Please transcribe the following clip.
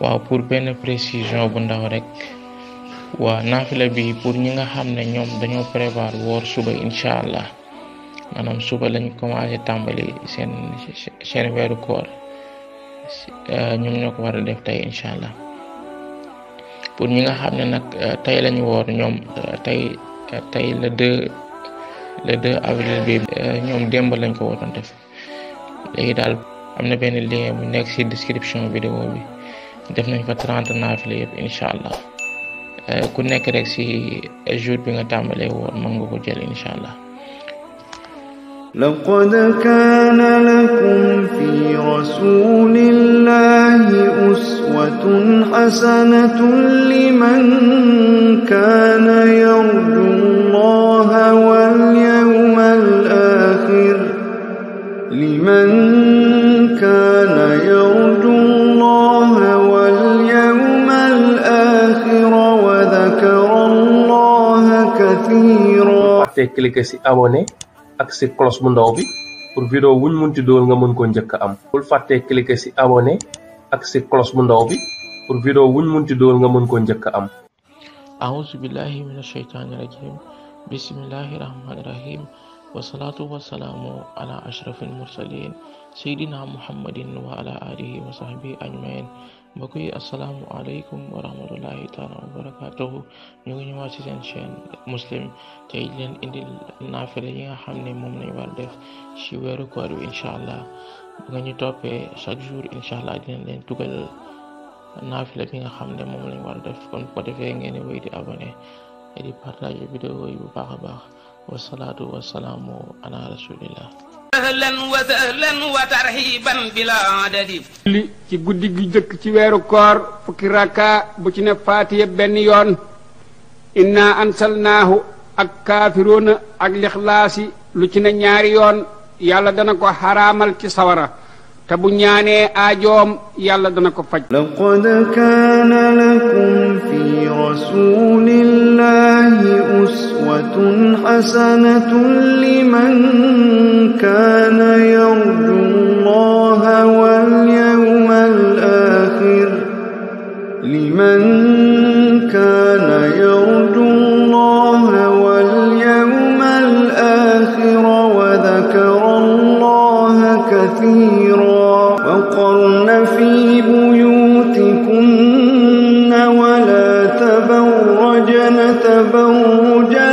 waaw pour benn précision bu ndaw rek waa naafila bi pour ñi nga xam ne ñoom dañoo prévoir woor suba incha allah maanaam suuba lañ commencé tàmbali seen seen weeru koor euh, ñoom ñoo ko war a def tey incha allah pour ñi nga xam ne nag euh, tey lañ woor ñoom euh, tey tey le deux le deux avril bi ñoom dembal lañ ko waroon def léegi daal am na benn lien bu nekk ci description vidéo bi defna ñu fa trente naafile yëpp incha allah ku nekk rek si jour bi nga tambalé woon mën nga ko jël inshallah لقد كان لكم في رسول الله أسوة حسنة لمن كان يرجو الله واليوم الآخر لمن كان يرجو كثيرا فكلي كسي ابوني اك سي كلوس بو ndaw bi pour vidéo wuñ munti nga mën ko ñëk am bul faté cliquer ci abonné ak ci cloche bu ndaw bi pour vidéo wuñ nga mën ko ñëk am a'udhu billahi minash shaitani rajim bismillahir rahmanir rahim والصلاة والسلام على أشرف المرسلين سيدنا محمد وعلى آله وصحبه أجمعين بقي السلام عليكم ورحمة الله تعالى وبركاته نيوغي نواسي سين شين مسلم تيجلين اندي نافلين حمد ممن والدف شوير كوارو إن شاء الله بغن يتوبي شاكشور إن شاء الله دين لين تغل نافلة بين حمد ممن والدف كون قدفين يعني ويدي أبوني ويدي بارتاج الفيديو ويبقى بقى wasalaatu wasalaamu ala rasulillah ahlan wa sahlan wa tarhiban bila adadi julli ci guddi gi jëkk ci weeru koor fukki rakka bu ci ne faatiya benn yoon inna ansalnaahu ak kaafiroona ak lixlaasi lu ci ne ñaari yoon yàlla dana ko xaraamal ci sawara te bu ñaanee aajoom yàlla dana ko faj laqad kaana lakum fi rasulillahi uswatun حسنة لمن كان يرجو الله واليوم الآخر لمن كان يرجو الله واليوم الآخر وذكر الله كثيرا وقرن في بيوتكن ولا تبرجن تبرجا